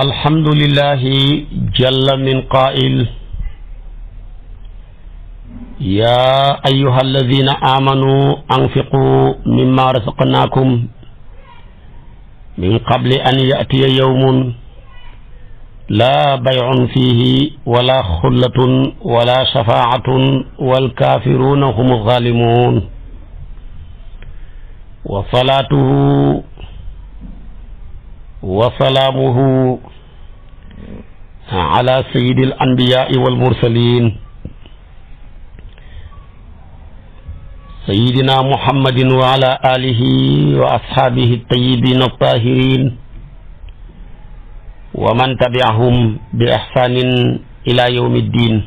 الحمد لله جل من قائل يا أيها الذين آمنوا أنفقوا مما رزقناكم من قبل أن يأتي يوم لا بيع فيه ولا خلة ولا شفاعة والكافرون هم الظالمون وصلاته wa salaamuhu ala sayidi al anbiyaai wal mursalin sayidina muhammadin wa ala alihi wa ashaabihi altayibin altahirin wa man tabiahum bi ihsanin ila yawmi ddin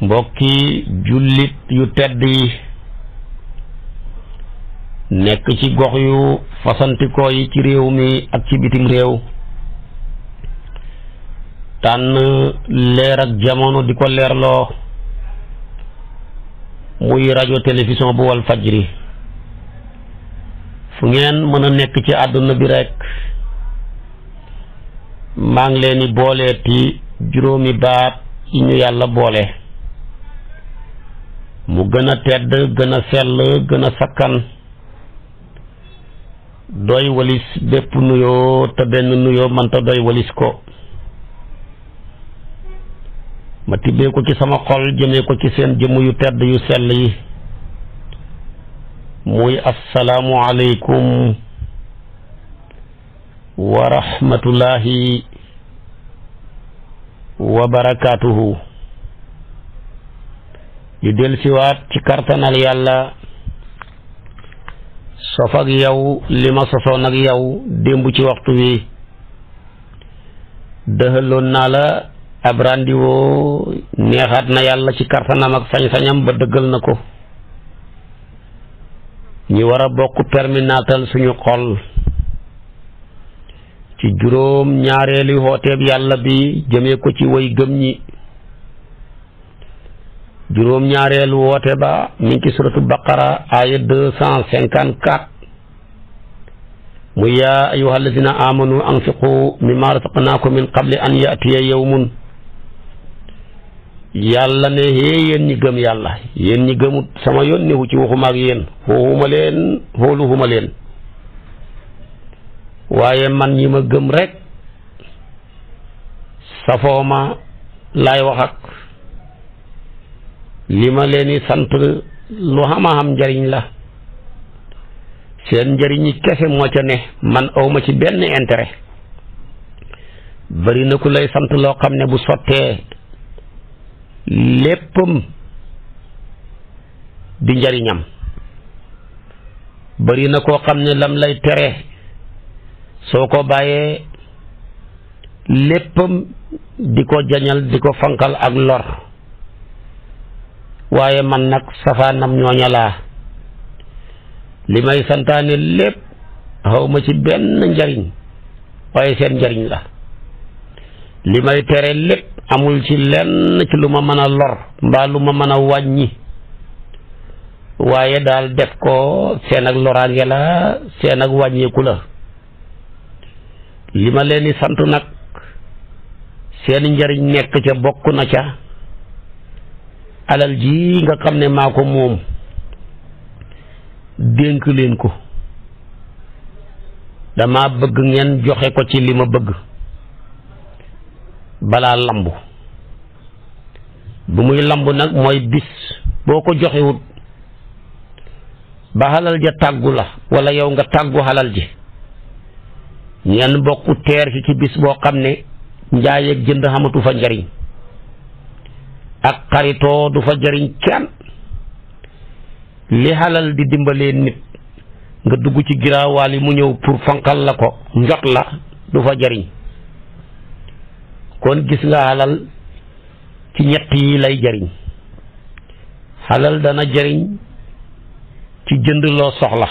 mbokki jullit yu tedd yi nekk ci gox yu fasantikoo yi ci réew mi ak ci bitim réew tànn leer ak jamono di ko leerloo muy rajo télévision bu wal fajri fu ngeen mën a nekk ci àdduna bi rekk maa ngi leen di booleeti juróomi baat yi ñu yàlla boole mu gën a tedd gën a sell gën a sakkan doy walis bépp nuyoo te benn nuyoo mënta doy walis ko ma tibbee ko ci sama xol jëmee ko ci seen jëmm yu tedd yu sell yi muy assalaamu aleykum wa rahmatullahi wa barakaatuhu di dellusiwaat ci kartanal yàlla sof ak yow li ma sosoon ak yow démb ci waxtu wi dëxaloon naa la ab randiwoo neexaat na yàlla ci kartanam ak sañ ba dëggal na ko ñu war a bokk perminaatal suñu xol ci juróom ñaareeli xooteeb yàlla bi jëmee ko ci way gëm ñi juróom ñaareelu woote ba mi ngi ci suratu baqara aya deux cent cinquante quatre mu yaa ayuha alladina amanu anfiqu mimma razaqnaakum min qabli an yatiya yawmun yàlla ne hee yéen ñi gëm yàlla yéen ñi gëmut sama yoon newu ci waxuma ak yéen xooxuma leen xooluxuma leen waaye man ñi ma gëm rek safooma laay wax ak li ma leen di sant lu xam-xam njëriñ la seen njëriñi kese moo ca ne man awma ci benn intérêt bari na ku lay sant loo xam ne bu sottee léppam di njëriñam bari na koo xam ne lam lay tere soo ko bàyyee léppam di ko jañal di ko fankal ak lor waaye man nag safaanam ñooña laa li may santaane lépp xaw ma ci benn njariñ waaye seen njariñ la li may tere lépp amul ci lenn ci lu ma mën a lor mbaa lu ma mën a wàññi waaye daal def ko seen ak loraange la seen ak wàññeeku la li ma leen di sant nag seen njariñ nekk ca bokk na ca alal ji nga xam ne maa ko moom dénk leen ko dama bëgg ngeen joxe ko ci li ma bëgg balaa lamb bu muy lamb nag mooy bis boo ko joxewut ba xalal ja tàggu la wala yow nga tàggu xalal ji ngeen bokk teer ci ci bis boo xam ne njaay ak jënd xamatu fa njariñ ak xaritoo du fa jariñ kenn li xalal di dimbalee nit nga dugg ci giraawaal yi mu ñëw pour fanqal la ko njot la du fa jariñ kon gis nga xalal ci ñett yi lay jariñ xalal dana jariñ ci jënd loo soxla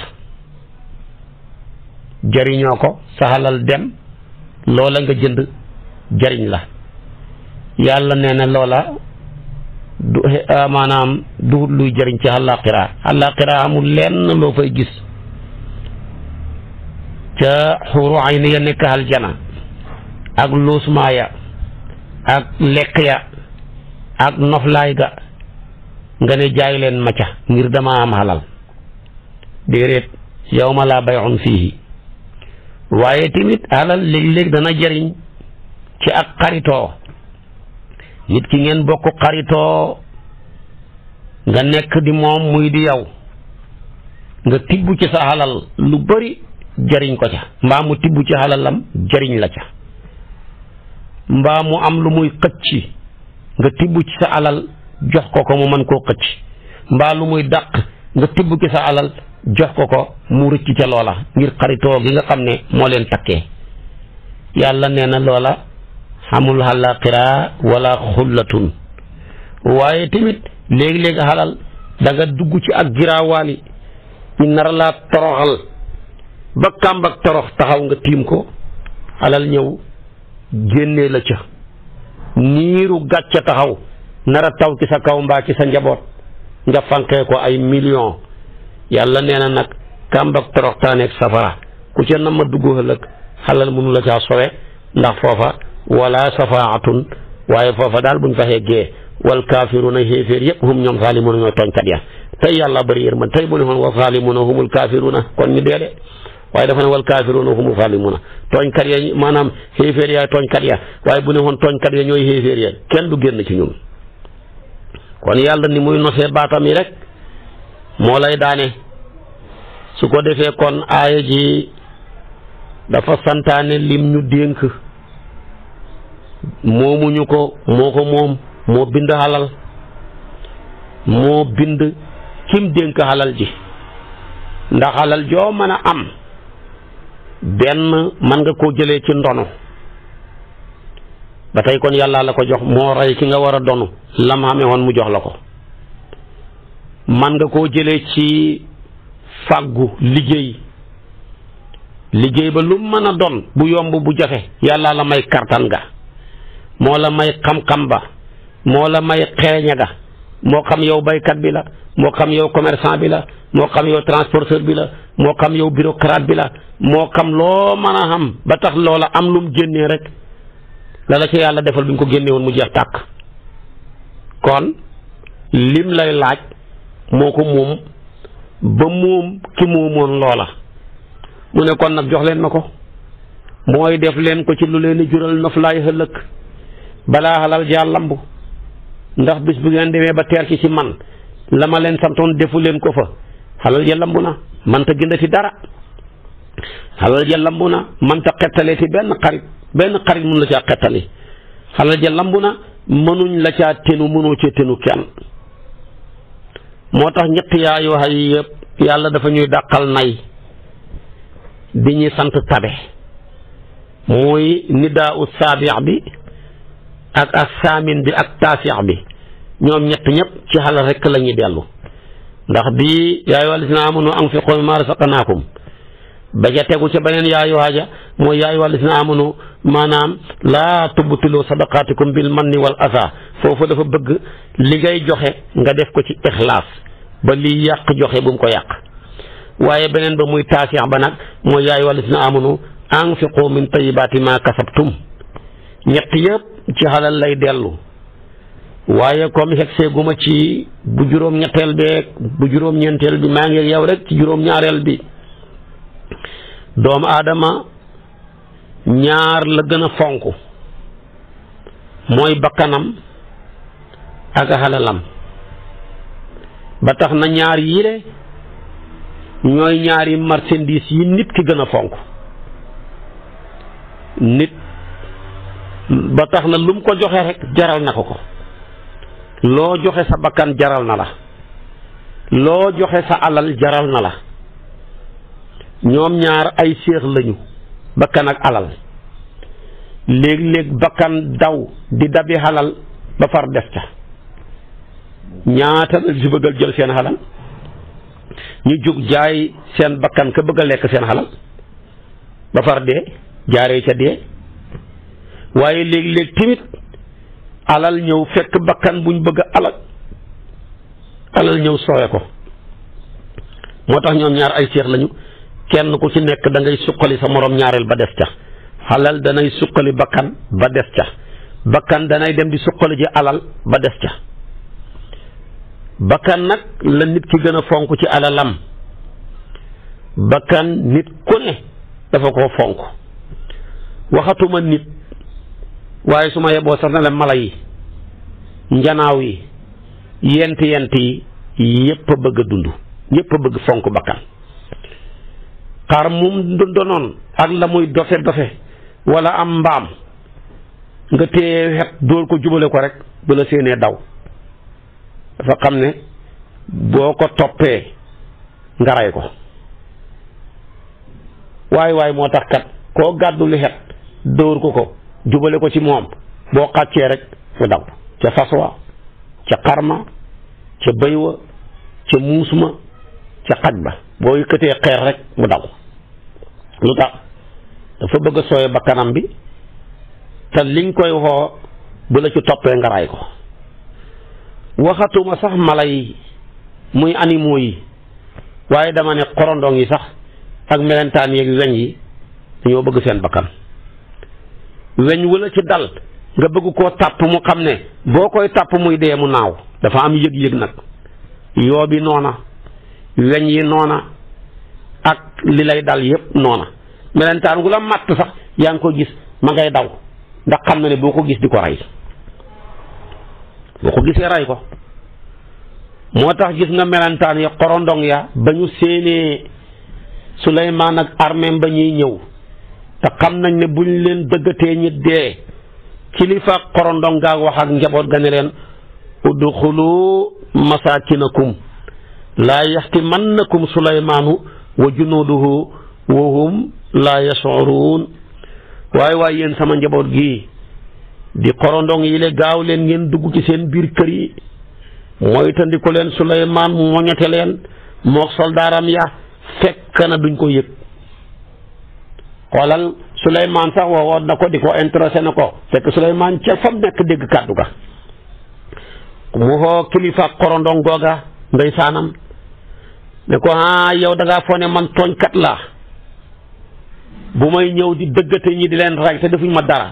jariñoo ko sa xalal dem loola nga jënd jariñ la yàlla nee na loola du eh, ah, maanaam duhut luy jëriñ ci àllaaxira àllaaxira amul lenn loo fay gis ca xuuru ayni ya nekk aljana ak luusmaa ya ak lekk ya ak noflaay ga nga ne jaay leen ma ca ngir dama am xalal déedéet yawma laa bay'un fiihi waaye tamit xalal léeg-léeg dana jëriñ ci ak xaritoo nit ki ngeen bokk xaritoo nga nekk di moom muy di yow nga tibb ci sa xalal lu bari jariñ ko ca mbaa mu tibb ci xalalam jariñ la ca mbaa mu am lu muy xëcc nga tibb ci sa alal jox ko ko mu mën koo xëcc mbaa lu muy daq nga tibb ci sa alal jox ko ko mu rëcc ca loola ngir xaritoo gi nga xam ne moo leen takkee yàlla nee na loola amul xalaqira wala xullatun waaye tamit léegi-léegi xalal da dugg ci ak giraawaali ñu nar laa toroxal ba kàmbak ak torox taxaw nga tiim ko alal ñëw génnee la ca niiru gàcca taxaw nar a taw ci sa kaw mbaa ci sa njaboot nga fankee ko ay million yàlla nee na nag kàmbak ak torox taaneeg safara ku ca na ma dugg ëllëg xalal mënu la caa sowe ndax foofa wala safaatun waaye foofa daal buñ fa heggee wal kaafiruuna xéeféer yëpp hum ñoom zaalimuuna ñooy tooñkat ya tey yàlla bëri man tey bu ne xoon wa zaalimuuna humul kaafiruuna kon ñu dee de waaye dafa ne wal kaafiruuna humu zaalimuuna tooñkat ya maanaam xéeféer yaay tooñkat ya waaye bu ne xoon tooñkat ya ñooy xéeféer ya kenn du génn ci ñun kon yàlla ni muy nosee baatam yi rek moo lay daane su ko defee kon aaya ji dafa santaane lim ñu dénk moomuñu ko moo ko moom moo bind xalal moo bind kim dénk xalal ji ndax xalal joo mën a am benn mën nga koo jëlee ci ndono ba tey kon yàlla la ko jox moo rey ki nga war a donu lam xamee woon mu jox la ko man nga koo jëlee ci fàggu liggéey liggéey ba lu mën a don bu yomb bu jafe yàlla la may kartan ga moo la may xam-xam ba moo la may xereña ga moo xam yow baykat bi la moo xam yow commercant bi la moo xam yow transporteur bi la moo xam yow bureaucrate bi la moo xam loo mën a xam ba tax loola am lu mu génnee rek la la ci yàlla defal bi nga ko génne woon mu jeex tàkk kon lim lay laaj moo ko moom ba moom ki moomoon loola mu ne kon nag jox leen ma ko mooy def leen ko ci lu leen di jural noflaay ëllëg balaa xalal jaa lamb ndax bis bu ngeen demee ba teel ci si man lama leen santoon defu leen ko fa xalal ja lamb na mënta gëndati dara xalal ja lamb na mënta xettalee ci benn xarit benn xarit mun la caa xettali xalal ja lamb na mënuñ la caa tenu mënoo cee tenu kenn moo tax ñett yaay wax yi yëpp yàlla dafa ñuy dàqal nay bi ñuy sant tabe muy nidaa u saabiix bi ak ak saamin bi ak taasiix bi ñoom ñett ñëpp ci xalal rekk la ñuy dellu ndax bii yaa ayyuhal lazina aamanu anfiqu mimmaa razaqnaakum ba ca tegu ca beneen yaayu waaja mooy yaa ayyuhal lazina aamanu maanaam laa tubtilu sadaqaatikum bil manni wal asaa foofu dafa bëgg li ngay joxe nga def ko ci ixlaas ba liy yàq joxe bu ko yàq waaye beneen ba muy taasix ba nag mooy yaa ayyuhal lazina aamanu anfiqu min tayyibaati maa kasabtum ñett yëpp ci xalal lay dellu waaye comme xegsee guma ci bu juróom-ñetteel beeg bu juróom-ñeenteel bi maa ngi yow rek ci juróom-ñaareel bi doomu aadama ñaar la gën a fonk mooy bakkanam ak xalalam ba tax na ñaar yile ñooy ñaari marchandise yi nit ki gën a fonk nit ba tax na lu mu ko joxe rek jaral na ko ko loo joxe sa bakkan jaral na la loo joxe sa alal jaral na la ñoom ñaar ay séex lañu bakkan ak alal léeg-léeg bakkan daw di dabi xalal ba far def ca ñaata si bëggal jël seen xalal ñu jóg jaay seen bakkan ka bëgg lekk seen xalal ba far dee jaaree ca dee waaye léeg-léeg tamit alal ñëw fekk bakkan buñ bëgg a alal alal ñëw sowe ko moo tax ñoom ñaar ay seex lañu kenn ku ci nekk dangay ngay suqali sa moroom ñaareel ba des ca alal danay suqali bakkan ba des ca bakkan danay dem di suqali ci alal ba des ca bakkan nag la nit ki gën a fonk ci alalam bakkan nit ku ne dafa ko fonk waxatuma nit waaye su ma yeboo sax na mala yi njanaaw yi yent yent yi yépp bëgg a dund ñépp bëgg fonk bakkan xar moom donoon ak la muy dofe dofe walla am mbaam nga téye xet dóor ko jubale ko rek bu la séenee daw dafa xam ne boo ko toppee nga rey ko waaye waay moo tax kat koo gàddu li dóor ko ko jubale ko ci moom boo xàccee rek mu daw ca fas wa ca ma ca bëy ca muus ma ca xaj ba boo yëkkatee xeer rek mu daw lu tax dafa bëgg a sooye bakkanam bi te liñ koy woo bu la ci toppee nga ko waxatuma sax mala yi muy animaux yi waaye dama ne xorondong yi sax ak melentaan yeeg weñ yi dañoo bëgg seen bakkan weñ wala ci dal nga bëgg koo tàpp mu xam ne boo koy tàpp muy dee mu naaw dafa am yëg-yëg nag yoo bi noona weñ yi noona ak li lay dal yépp noona melentaan gu la màtt sax yaa ngi ko gis ma ngay daw ndax xam na ne boo ko gis di ko rey boo ko gisee rey ko moo tax gis nga melentaan ya xorondong ya ba ñu séenee Suleymaan ak armeem ba ñuy ñëw te xam nañ ne buñ leen dëggatee ñi dee kilifa korondong gaa wax ak njaboot ga leen udxulu masakinakum laa yaxtimannakum sulaymaanu wa junuuduhu wa hum waaye waaye yéen sama njaboot gi di korondong yi le gaaw leen ngeen dugg ci seen biir kër yi moytandi ko leen sulaymaan moñete leen mook soldaaram ya fekk na duñ ko yëg xoolal Souleymane sax woowoon na ko di ko intéressé na ko fekk Souleymane ca fam nekk dégg kàddu ga mu xoo kilifa korondong googa ndey saanam ne ko ah yow da ngaa ne man tooñkat la bu may ñëw di dëggate ñi di leen rey te defuñ ma dara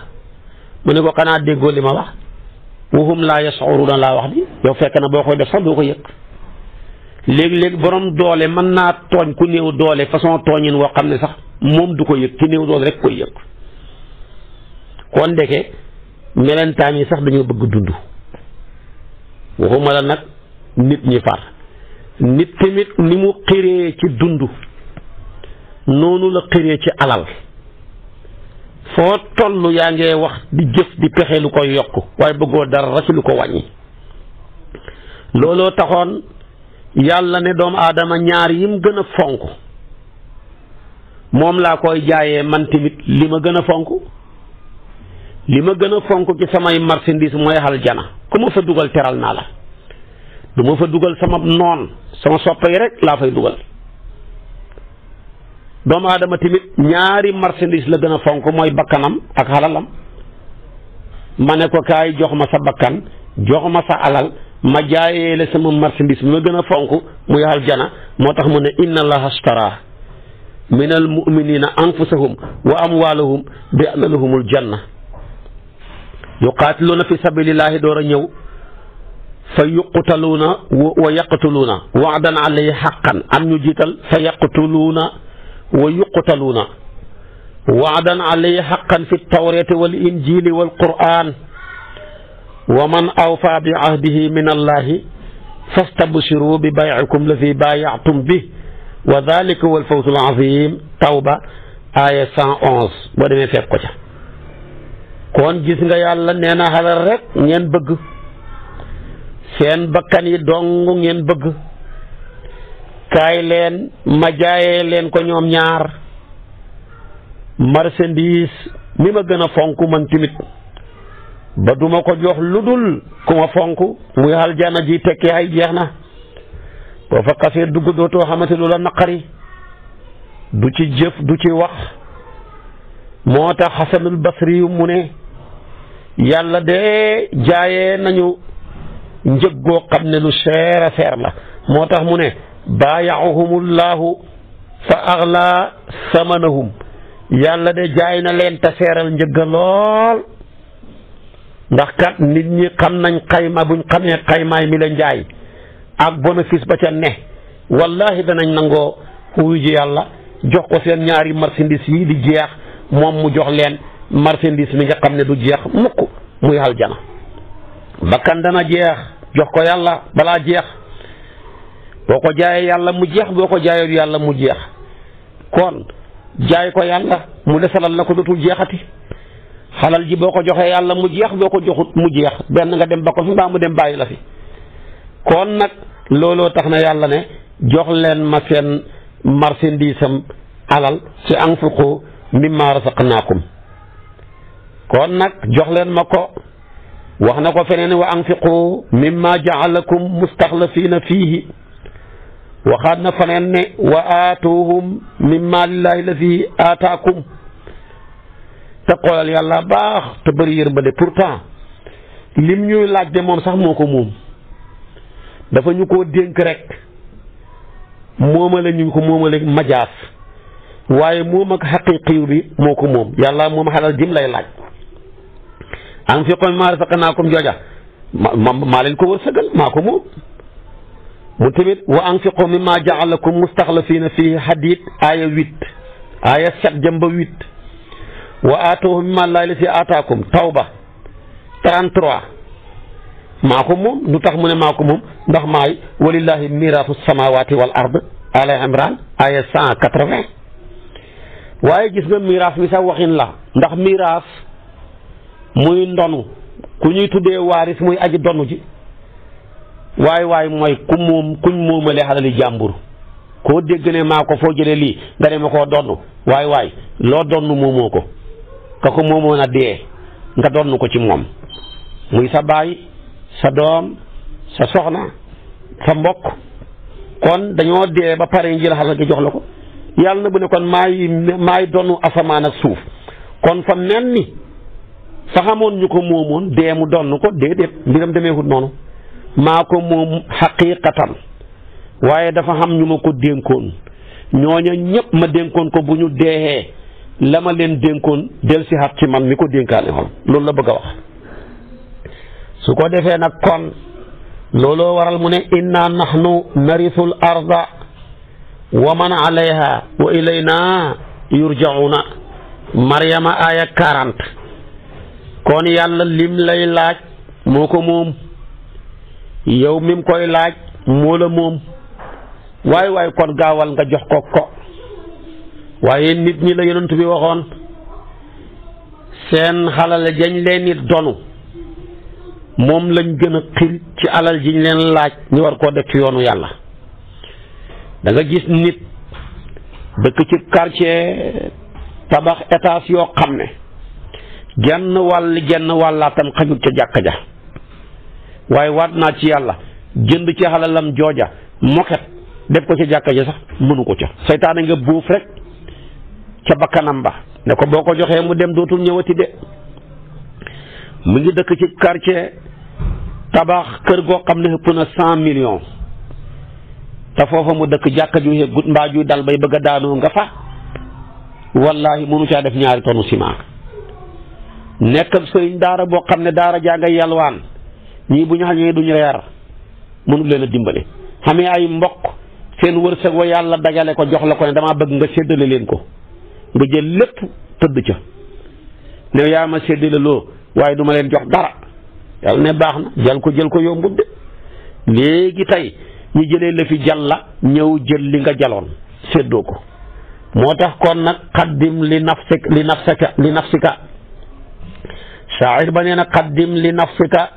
mu ne ko xanaa déggoo li ma wax wuhum laa yash'uruuna laa wax di yow fekk na boo koy def sax doo ko yëg léegi-léegi borom doole mën naa tooñ ku néew doole façon tooñin woo xam ne sax moom du ko yëg ci néew doon rek koy yëg kon ndeke melentaan yi sax dañoo bëgg dund waxuma la nag nit ñi far nit tamit ni mu xiree ci dund noonu la xiree ci alal foo toll yaa ngee wax di jëf di pexe lu koy yokk waaye bëggoo dara ci lu ko wàññi looloo taxoon yàlla ne doomu aadama ñaar yim gën a fonk moom laa koy jaayee man tamit li ma gën a fonk li ma gën a fonk ci samay marchandise mooy aljana ku ma fa dugal teral naa la du ma fa dugal sama noon sama soppe yi rek laa fay dugal doomu aadama tamit ñaari marchandise la gën a fonk mooy bakkanam ak alalam ne ko kaay jox ma bakkan jox ma alal ma jaayee la sama marchandise bi ma gën a fonk muy aljana moo tax mu ne inna allaha ashtara min al muminina anfusahum wa amwaalahum bi anna lahumul janna yuqaatiluuna fi sabilillahi door a ñëw fa yuqutaluuna wa yaqtuluuna waadan alayhi xaqan am ñu jiital fa yaqtuluuna wa yuqutaluuna waadan alayhi xaqan fi tawreeti wal injili wal qur'aan wa man awfaa bi ahdihi min allahi fastabsiruu bi baycikum lazi baayactum bi wa dalika wal fawsul azim tawba aaya cent boo demee fekk ko ca kon gis nga yàlla nee na xale rek ngeen bëgg seen bakkan yi dong ngeen bëgg kaay leen ma jaayee leen ko ñoom ñaar marchandise mi ma gën a fonk man tamit ba duma ko jox lu dul ku ma fonk muy aljana ji tekki ay jeex na boo fa xasee dugg dootoo xamante lu la naqari du ci jëf du ci wax moo tax xasanul basri yu mu ne yàlla de jaayee nañu njëg goo xam ne lu seer a seer la moo tax mu ne baayaahumullahu fa axlaa samanahum yàlla de jaay na leen te seeral njëgg lool ndax kat nit ñi xam nañ xayma buñ xamee xaymaay mi la njaay ak bénéfice ba ca ne wallahi danañ nangoo wuyu yàlla jox ko seen ñaari marchandise yi di jeex moom mu jox leen marchandise mi nga xam ne du jeex mukk muy aljana bakkan dana jeex jox ko yàlla balaa jeex boo ko jaayee yàlla mu jeex boo ko jaayee yàlla mu jeex kon jaay ko yàlla mu desalal la ko dootul jeexati xalal ji boo ko joxee yàlla mu jeex boo ko joxut mu jeex benn nga dem ba ko fi mbaa mu dem bàyyi la fi kon nag looloo tax na yàlla ne jox leen ma seen marchandisam alal ci anfiqu mimma rasaqnaakum kon nag jox leen ma ko wax na ko feneen wa anfiqu mimma jaalakum mustaxlafiina fiihi waxaat na faneen ne wa aatuhum mimma la lazi aataakum te xoolal yàlla baax te bëri yërmande pourtant lim ñuy laaj de moom sax moo ko moom dafa ñu koo dénk rek moomale ñu ko moomale majaas waaye moom ak xaqiiqiyu bi moo ko moom yàlla moom xalal jim lay laaj am fi ko maa razaqnaakum jooja ma maa leen ko wërsëgal maa ko mu tamit wa anfiqu mimma jaalakum mustaxlafiina aaya huit aaya sept jëm ba huit wa aatoohu mimma llaahi llazii aataakum tawba 33 maa ko moom lu tax mu ne maa moom ndax maay walillahi miraatu samawati wal ard ala imran aya quatre-vingt waaye gis nga miraas mi sax waxin la ndax miraas muy ndonu ku ñuy tuddee waaris muy aji donu ji waay waay mooy ku moom kuñ moomale xalali jàmbur koo dégg ne maa ko foo jëlee lii nga ne ma koo donn waay waay loo donn moomoo ko ka ko moomoon a dee nga donn ko ci moom muy sa baay sa doom sa soxna sa mbokk kon dañoo dee ba pare njël xasal gi jox la ko yàlla na bu ne kon maay maay donu asamaan ak suuf kon fa mel ni fa xamoon ñu ko moomoon dee mu donn ko déedéet mbiram demeewut noonu maa ko moom xaqiiqatan waaye dafa xam ñu ma ko dénkoon ñooña ñëpp ma dénkoon ko bu ñu deexee la ma leen dénkoon del si xat ci man mi ko dénkaane xol loolu la bëgg a wax su ko defee nag kon looloo waral mu ne inna nahnu narisul arda wa man alayha wa ilayna yurjauna maryama aya quarante kon yàlla lim lay laaj moo ko moom yow mim koy laaj moo la moom waay waay kon gaawal nga jox ko ko waaye nit ñi la yonent bi waxoon seen xalale jañ leen donu moom lañ gën a xir ci alal ji ñu leen laaj ñu war koo def ci yoonu yàlla danga gis nit dëkk ci quartier tabax étage yoo xam ne genn wàll genn wàllaatam xajul ca jàkka ja waaye waat naa ci yàlla jënd ci xalalam jooja moket def ko ca jàkka ja sax mënu ko ca seytaane nga buuf rek ca bakkanam ba ne ko boo ko joxee mu dem dootul ñëwati de mu ngi dëkk ci quartier tabax kër goo xam ne ëpp na cent millions te foofa mu dëkk jàkka ju yeggut mbaa juy dal bay bëgg a daanoo nga fa wallaahi mënu caa def ñaari tonu ciment nekk ak sëriñ daara boo xam ne daara jaa ngay yalwaan ñii bu ñu xañee duñu reer mënu leen a dimbale xamee ay mbokk seen wërsëg wa yàlla dajale ko jox la ko ne damaa bëgg nga séddale leen ko nga jël lépp tëdd ca ne yaa ma séddale loo waaye du ma leen jox dara yàlla ne baax na jël ko jël ko yombut de léegi tey ñu jëlee la fi jàll la ñëw jël nga jaloon séddoo ko moo tax kon nag xaddim li nafsik li nafsika li nafsika shaacir ba nee na li nafsika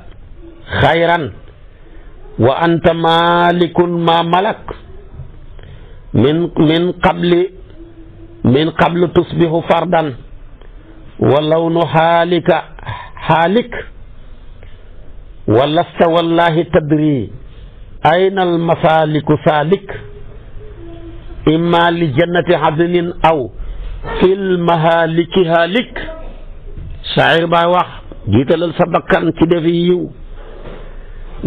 xayran wa anta malikun ma malak min qabli min fardan wa lawnu xaalika xaalik walasta wallahi tadri ayna almasaliku saalik imma li jannati xadlin aw fil mahaliki haalik saayir baa wax jiitalal sa bakkan ci def yiw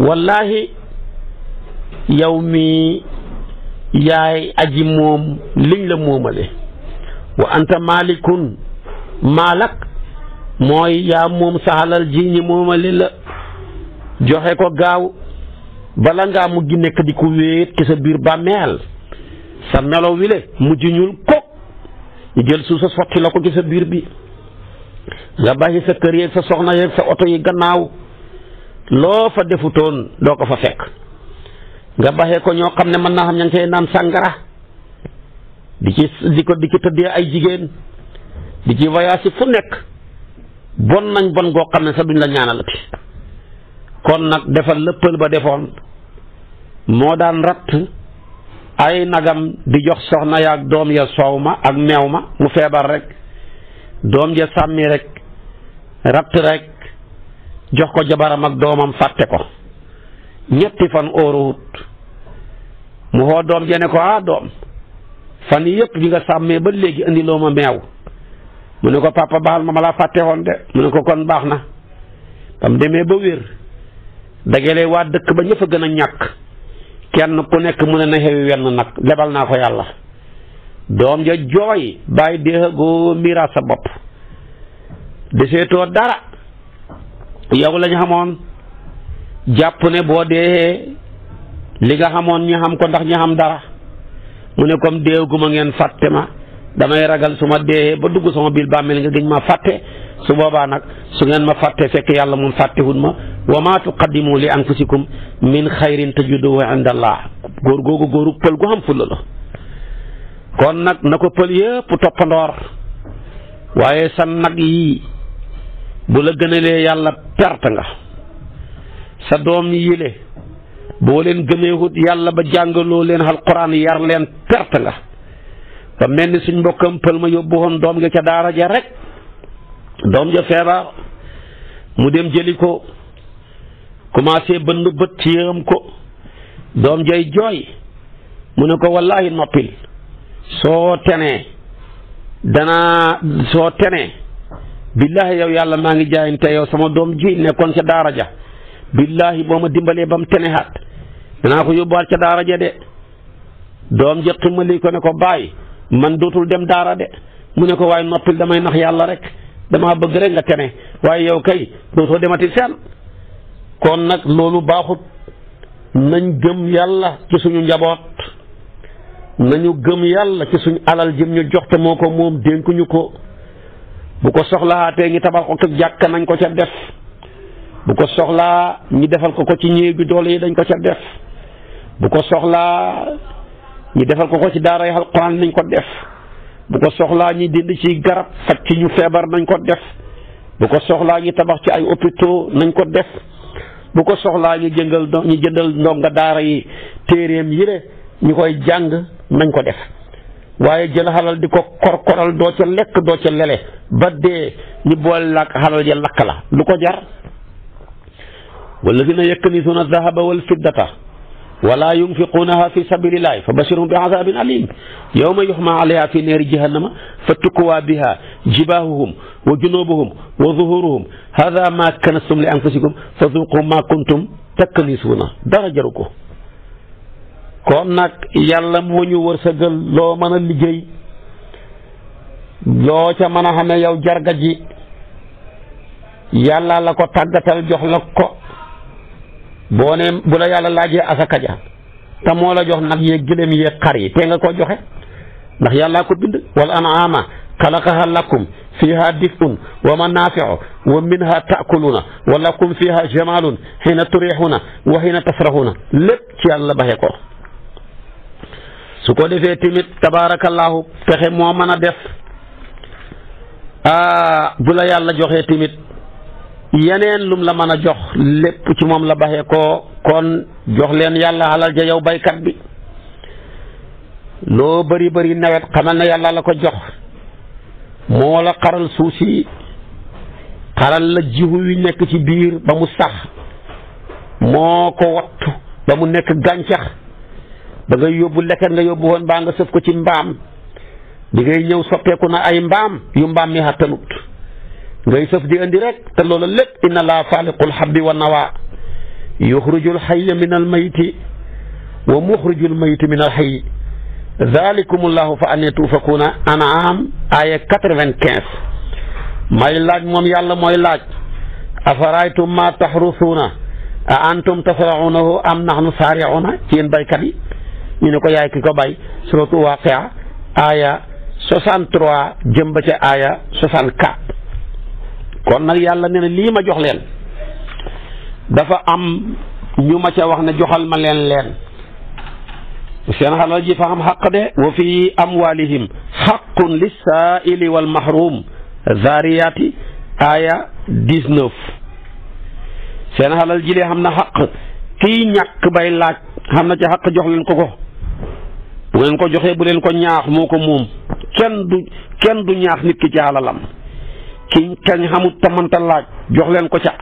wallahi yow mi yaay aji moom liñ la moomale wa anta malikun maalak mooy yaa moom sa alal ji ñi moomali la joxe ko gaaw bala ngaa mujj nekk di ko wéet ci sa biir bàmmeel sa melo wile mujj ñuul ko ñu jël suuf sa sotti ko ci sa biir bi nga bàyyi sa kër sa soxna yeeg sa oto yi gannaaw loo fa defutoon doo ko fa fekk nga baxe ko ñoo xam ne mën naa xam ña naan sàngara di ci di ko di ci tëddee ay jigéen di ci voyage fu nekk bon nañ bon goo xam ne sa duñ la ñaanalati kon nag defal lëppal ba defoon moo daan ratt ay nagam di jox soxna yaag doom ya soow ma ak meew ma mu feebar rek doom ja sàmmi rek ratt rekk jox ko jabaram ak doomam fàtte ko ñetti fan óoruwut mu xoo doom ja ne ko ah doom fan yépp bi nga sàmmee ba léegi indiloo ma meew mu ne ko papa baal ma ma laa fàtte woon de mu ne ko kon baax na ba demee ba wér dagale waa dëkk ba ñëpp a gën a ñàkk kenn ku nekk mu ne na xewi wenn nag lebal naa ko yàlla doom ja jooy bàyyi déexagoo miraas sa bopp deseetoo dara yow lañu xamoon jàpp ne boo dee li nga xamoon ñi xam ko ndax ña xam dara mu ne comme déewguma ngeen fàtte ma damay ragal su ma dee ba dugg sama biir bàmmeel nga gëñ ma fàtte su boobaa nag su ngeen ma fàtte fekk yàlla moom fàttewut ma wa maa tuqaddimu li anfusikum min xayrin tajiduhu inda allah góor googu góoru pël gu am fulla la kon nag na ko pël yëpp waaye sa nag yii bu la gënalee yàlla perte nga sa doom yile boo leen gëmeewut yàlla ba jàngaloo leen alquran yar leen perte nga te mel ni suñ mbokkam pël ma yóbbu woon doom ja ca daara ja rek doom ja feebar mu dem jëli ko commencé bënn bët ci yërëm ko doom jay jooy mu ne ko wallaahi noppil soo tenee danaa soo tenee billaahi yow yàlla maa ngi jaayante yow sama doom ji nekkoon ca daara ja billaahi boo ma dimbalee ba mu teneexaat danaa ko yóbbuwaat ca daara ja de doom ja ximmali ko ne ko bàyyi man dootul dem daara de mu ne ko waaye noppil damay nax yàlla rek damaa bëgg rek nga tene waaye yow kay dootoo demati seen kon nag loolu baaxut nañ gëm yàlla ci suñu njaboot nañu gëm yàlla ci suñu alal jëm ñu jox te moo ko moom dénkuñu ko bu ko soxlaatee ñu tabax ko ak jàkka nañ ko ca def bu ko soxlaa ñu defal ko ko ci ñéeg doole yi dañ ko ca def bu ko soxlaa ñu defal ko ko ci daara yi alquran nañ ko def bu ko soxlaa ñi dind ci garab faj ci ñu feebar nañ ko def bu ko soxlaa ñi tabax ci ay hôpitaux nañ ko def bu ko soxlaa ñu jëngal ñu jëndal ndonga daara yi téeréem yére ñu koy jàng nañ ko def waaye jël xalal di ko korkoral doo ca lekk doo ca lele ba dee ñu boole la ak xalal ya lakk la lu ko jar walladina na dahaba wal fiddata wala yunfiqunaha fi sabilillahi fa bashirhum bi azabin alim yawma yuhma alayha fi naari jahannama fa tukwa biha jibahuhum wa junubuhum wa zuhuruhum hadha ma kanastum li anfusikum fa dhuqu ma kuntum taknisuuna dara jaru ko kon nag yàlla moo ñu wërsëgal loo mën a liggéey loo ca mën a xamee yow jarga ji yàlla la ko tàggatal jox la ko boo ne bu la yàlla laajee asaka ja te moo la jox nag yeeg gëlëm yeeg xar yi te nga ko joxe ndax yàllaa ko bind wal an'aama xalaqaha lakum fiha dif'un wa manaafi'u wa minha ta'kuluuna wa lakum fiha jamaalun xiina turiixuuna wa xiina tasraxuuna lépp ci yàlla baxee ko su ko defee tamit tabaarakallaahu pexe moo mën a def bu la yàlla joxee tamit yeneen lum la mën a jox lépp ci moom la baxee ko kon jox leen yàlla alal ja yow baykat bi loo bari bari nawet xamal na yàlla la ko jox moo la xaral suuf si xaral la jiwu yu nekk ci biir ba mu sax moo ko wattu ba mu nekk gàncax ba ngay yóbbu leket nga yóbbu woon baa nga sëf ko ci mbaam bi ngay ñëw soppeeku na ay mbaam yu mbaam mi xattanut ngay sëf di andi rek te loola lépp inna laa faaliqul habbi wa nawa yuxrijul xayya min al mayti wa muxrijul mayti min al xayyi daalikumullahu fa annaa tuufakuuna anaam aaya quatre-vingt-quinze may laaj moom yàlla mooy laaj afaraytum ma taxrusuuna a antum tasraunahu am naxnu saariuuna ci yéen baykat yi ñu ne ko yaay ki ko bay suratu waaqia aaya soixante-trois jëm ba ca aaya soixante-quatre kon nag yàlla nee na lii ma jox leen dafa am ñu ma ca wax ne joxal ma leen leen seen xalal ji fa am xaq de wa fi amwalihim xaqun lissaili wal mahrum zariyati aya 19 seen xalal ji lee xam na xaq kiy ñàkk bay laaj xam na ca xaq jox leen ko ko bu ko joxee bu leen ko ñaax moo ko moom kenn du kenn du ñaax nit ki ci alalam ki kañ xamut tamanta laaj jox leen ko ca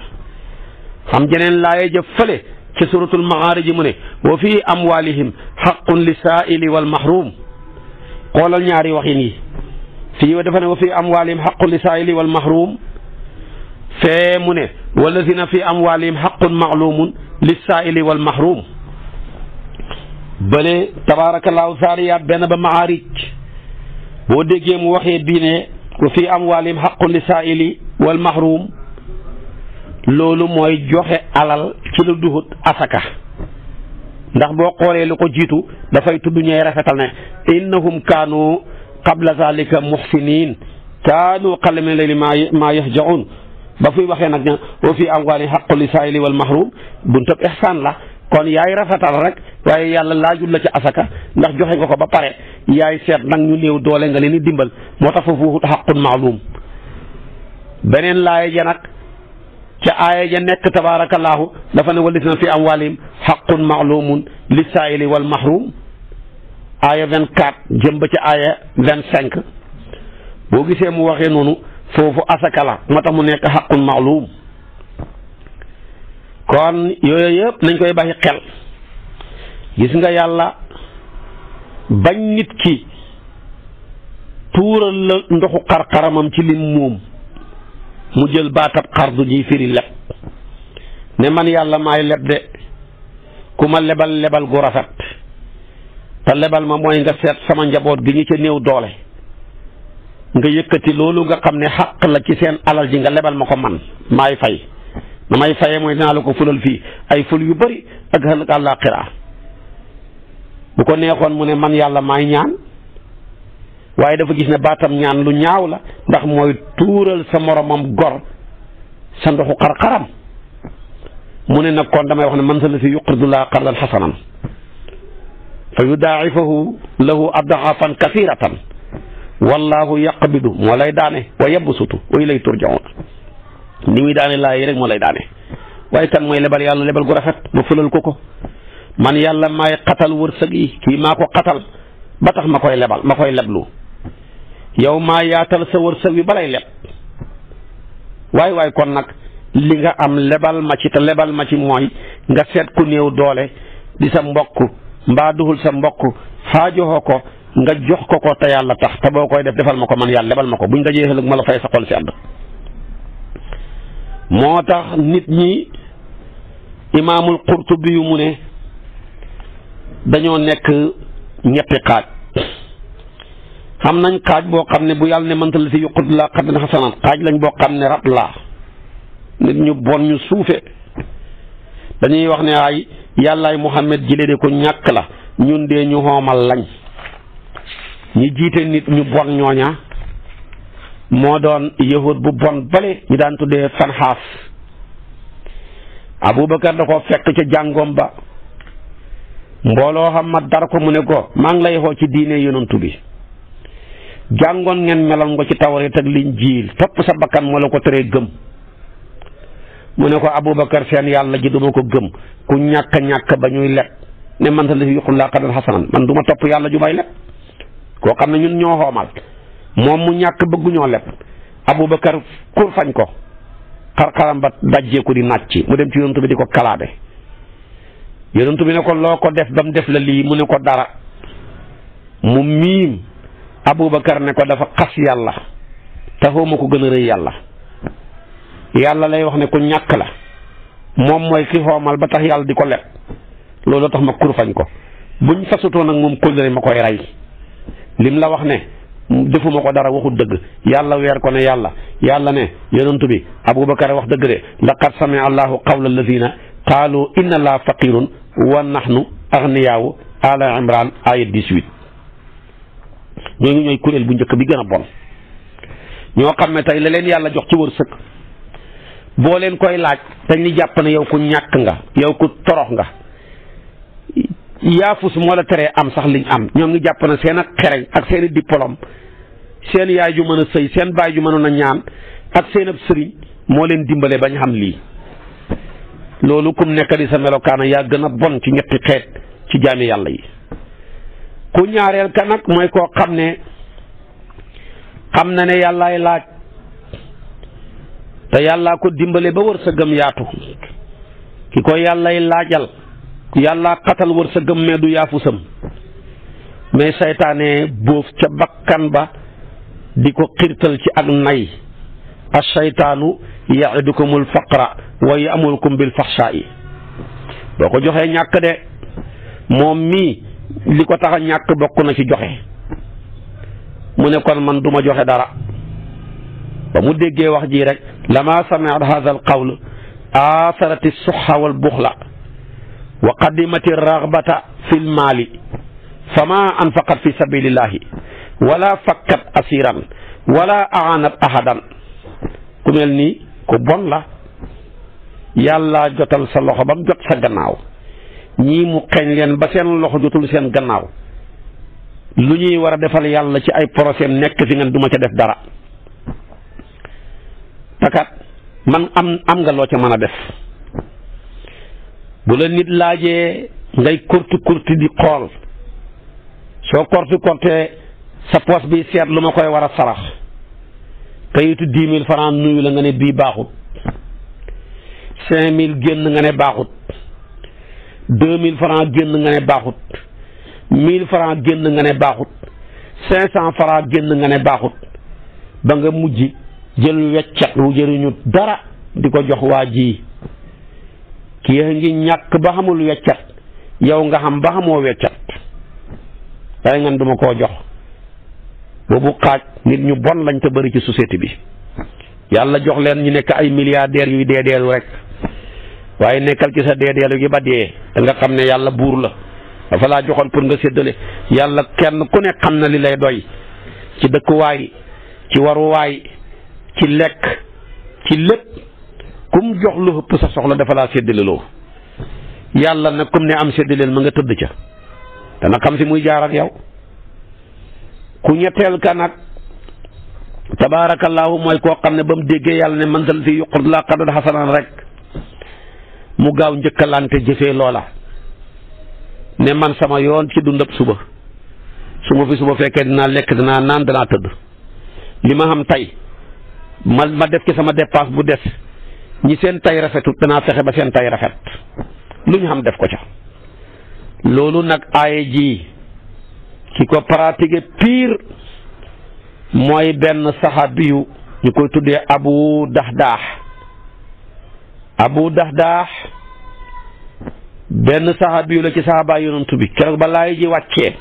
xam jeneen laaye jëf fële ci suratul maxaariji mu ne wa fi amwalihim xaqun li saaili wal mahrum xoolal ñaari waxin yi fii wa dafa ne wa fi amwalihim xaqun li saaili wal mahrum fee mu ne walazina fi amwalihim xaqun maalumun li saaili wal mahrum bële tabaarakallaahu saariyaat benn ba maxaarij boo déggee mu waxee bii ne wa fi amwaalihim xaqun li saa'ili wal mahrum loolu mooy joxe alal ci lu duhut asaka ndax boo xoolee lu ko jiitu dafay tudd ñooy rafetal ne innahum kaanu qabla zalika muhsinin kaanu qalla min layli ma maa yahjaun ba fuy waxee nag ne wa fi amwaali xaqu li saa'ili wal mahrum buntab ihsaan la kon yaay rafetal rek waaye yàlla laajul la ci asaka ndax joxe nga ko ba pare yaay seet nag ñu néew doole nga leen di dimbal moo tax foofu xaqun maalum beneen laaya ja nag ca aaya ja nekk tabaarakallaahu dafa ne wallisina fi amwaalihim xaqun maalumun lissaayili wal mahrum aaya vingt quatre jëm ba ca aaya vingt cinq boo gisee mu waxee noonu foofu asaka la moo tax mu nekk xaqun maalum kon yooyu yëpp nañ koy bàyyi xel gis nga yàlla bañ nit ki tuural la ndoxu xar-xaramam ci lim moom mu jël baatab xardu ji firi leb ne man yàlla maay leb de ku ma lebal lebal gu rafet te lebal ma mooy nga seet sama njaboot gi ñu ci néew doole nga yëkkati loolu nga xam ne xàq la ci seen alal ji nga lebal ma ko man maay fay damay fayee mooy dinaa la ko fulal fii ay ful yu bari ak xëllëg àllaaxira bu ko neexoon mu ne man yàlla maay ñaan waaye dafa gis ne baatam ñaan lu ñaaw la ndax mooy tuural sa moromam gor sa ndoxu xar mu ne nag kon damay wax ne man sa la si yuqridu laa qardan xasanan fa yudaa'ifahu lahu ad'aafan kasiiratan wallaahu yaqbidu moo lay daane wa yabsutu wa ilayhi turja'uun ni muy daane laa yi rek moo lay daane waaye kan mooy lebal yàlla lebal gu rafet ma fulal ko ko man yàlla maay xatal wërsëg yi kii maa ko xatal ba tax ma koy lebal ma koy leblu yow maa yaatal sa wërsëg bi balay leb waay kon nag li nga am lebal ma ci te lebal ma nga seet ku néew doole di sa mbokk mbaa duhul sa mbokk xaajoxoo ko nga jox ko ko te yàlla tax te boo koy def defal ko man yàlla lebal ma buñ dajee xëlëg ma la fay sa xol si ànd moo tax nit ñi imaamul qurtubi yu mu ne dañoo nekk ñetti xaaj xam nañ xaaj boo xam ne bu yàlla ne mënta la si yuqut laa xadan xasanat xaaj lañ boo xam ne rab laa nit ñu bon ñu suufe dañuy wax ne ay yàllaay Muhammad jëlee de ko ñàkk la ñun de ñu xoomal lañ ñi jiite nit ñu bon ñooña moo doon yahud bu bon bale ñu daan tuddee fanxaas abubakar da koo fekk ca jàngoom ba mbooloo xam ma dara ko mu ne ko maa ngi lay xoo ci diine yonantu bi jàngoon ngeen meloon nga ci tawreet li linjiil topp sa bakkan moo la ko teree gëm mu ne ko abubakar seen yàlla ji duma ko gëm ku ñàkk ñàkk ba ñuy leb ne man sa la fi yuqul laa xadan xasanan man duma topp yàlla ju may leb koo xam ne ñun ñoo xoomal moom mu ñàkk bëgguñoo leb Aboubacar kur fañ ko xar-xaram ba dajjeeku di nàcc mu dem ci yonent bi di ko kalaabe yonent bi ne ko loo ko def ba mu def la lii mu ne ko dara mu miim Aboubacar ne ko dafa xas yàlla taxoo ma ko gën a rëy yàlla yàlla lay wax ne ku ñàkk la moom mooy ki xoomal ba tax yàlla di ko leb loolu tax ma kur fañ ko buñ fasutoon nag moom kóllëre ma koy rey lim la wax ne. defuma ko dara waxut dëgg yàlla weer ko ne yàlla yàlla ne yonentu bi aboubacar wax dëgg de laqad samia allahu qawla alladina qaalu inna allaha faqirun wa nahnu agniyaawu ala imran ayat 18 ñooñu ñooy kuréel bu njëkk bi gën a bon ñoo xam ne tey la leen yàlla jox ci wërsëg boo leen koy laaj dañ ni jàpp na yow ku ñàkk nga yow ku torox nga yaafus moo la teree am sax liñ am ñoom ñu jàpp na seen ak xereñ ak seen i diplôme seen yaay ju mën a sëy seen baay ju mënoon a ñaan ak seen ab moo leen dimbale bañ xam lii loolu kum nekk di sa melokaana yaa gën a bon ci ñetti xeet ci jaami yàlla yi ku ñaareel ka nag mooy koo xam ne xam na ne yàllaay laaj te yàllaa ko dimbale ba wërsëgam yaatu ki ko yàllay laajal yàlla xatal wërsëgam mais du yaafusam mais saytaane boof ca bakkan ba di ko xirtal ci ak nay asaytaanu yaidukumul faqra wa yamurukum bil faxsaa'i boo ko joxee ñàkk de moom mii li ko tax a ñàkk bokk na ci joxe mu ne kon man duma joxe dara ba mu déggee wax ji rek lama sami'at hadha al qawl asarat as-suhha wal wa qadimati ragbata fi lmaali fama anfaqat fi sabilillahi wala fakkat asiran wala aanat ahadan ku mel nii ku bon la yàlla jotal sa loxo bam mu jot sa gannaaw ñii mu xeeñ leen ba seen loxo jotul seen gannaaw lu ñuy war a defal yàlla ci ay projet nekk fi ngeen duma ca def dara takat man am am nga loo ca mën a def bu la nit laajee ngay kurti kurti di xool soo korti kortee sa poos bi seet lu ma koy war a sarax kayitu dix mille franc nuyu la nga ne bii baaxut cinq mille génn nga ne baaxut deux mille franc génn nga ne baaxut mille franc génn nga ne baaxut cinq cent franc génn nga ne baaxut ba nga mujj jël weccat wu jëriñut dara di ko jox waa ji kii a ngi ñàkk ba xamul weccat yow nga xam ba xamoo weccat dara ngeen duma koo jox boobu xaaj nit ñu bon lañ te bari ci société bi yàlla jox leen ñu nekk ay milliardaires yuy deedeelu rek waaye nekkal ci sa deedeelu gi ba dee da xam ne yàlla buur la dafa laa joxoon pour nga séddale yàlla kenn ku nekk xam na li lay doy ci dëkkuwaay ci waruwaay ci lekk ci lépp kum jox lu ëpp sa soxla dafa laa séddaleloo yàlla na comme ne am séddaleel ma nga tëdd ca dana xam si muy jaar ak yow ku ñetteel ka nag tabaarakallaahu mooy koo xam ne ba mu déggee yàlla ne man dal fi yuqrid laa xadan xasanaan rek mu gaaw njëkkalante jëfee loola ne man sama yoon ci dundab suba su ma fi suba fekkee dinaa lekk dinaa naan dinaa tëdd li ma xam tey ma ma def ci sama dépense bu des ñi seen tay rafetul danaa fexe ba seen tay rafet lu ñu xam def ko ca loolu nag aaya jii ki ko pratiquer pire mooy benn saxaabiyu ñu koy tuddee abu daxdaax abu daxdaax benn saxaabiyu la ci saxaabaa yonent bi keroog ba laay ji wàccee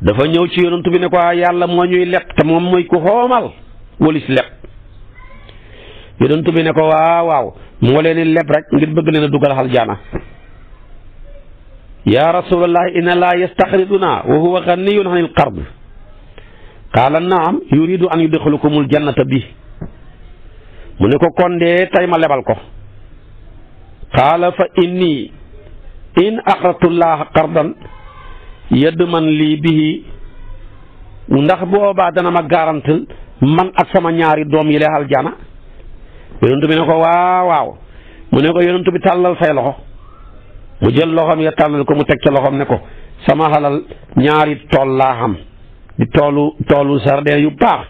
dafa ñëw ci yonent bi ne ko yàlla moo ñuy leb te moom mooy ku xoomal walis leb yonent bi ne ko waaw waaw moo leen leb rek ngir bëgg leen a dugal aljaana yaa rasulallah inna laa yastaxriduna wa huwa ganiyun an il qard qaala naam yuridu an yudxilukumul jannata bi mu ne ko kon de tey ma lebal ko qaala fa inni in aqradtullaha qardan yedd man lii bihi ndax boobaa dana ma garantil man ak sama ñaari doom yi lee aljaana yonent bi ne ko waaw waaw mu ne ko yonent bi tàllal say loxo mu jël loxoom ya tàllal ko mu teg ca loxoom ne ko sama xalal ñaari tool laa xam di toolu toolu sardin yu baax